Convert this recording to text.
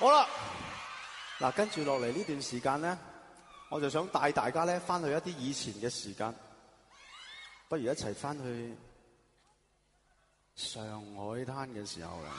好啦，嗱，跟住落嚟呢段時間咧，我就想帶大家咧翻去一啲以前嘅時間，不如一齊翻去上海灘嘅時候啦。